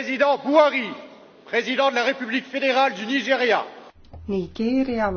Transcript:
president Buhari, president de la République fédérale du Nigeria. Nigeeria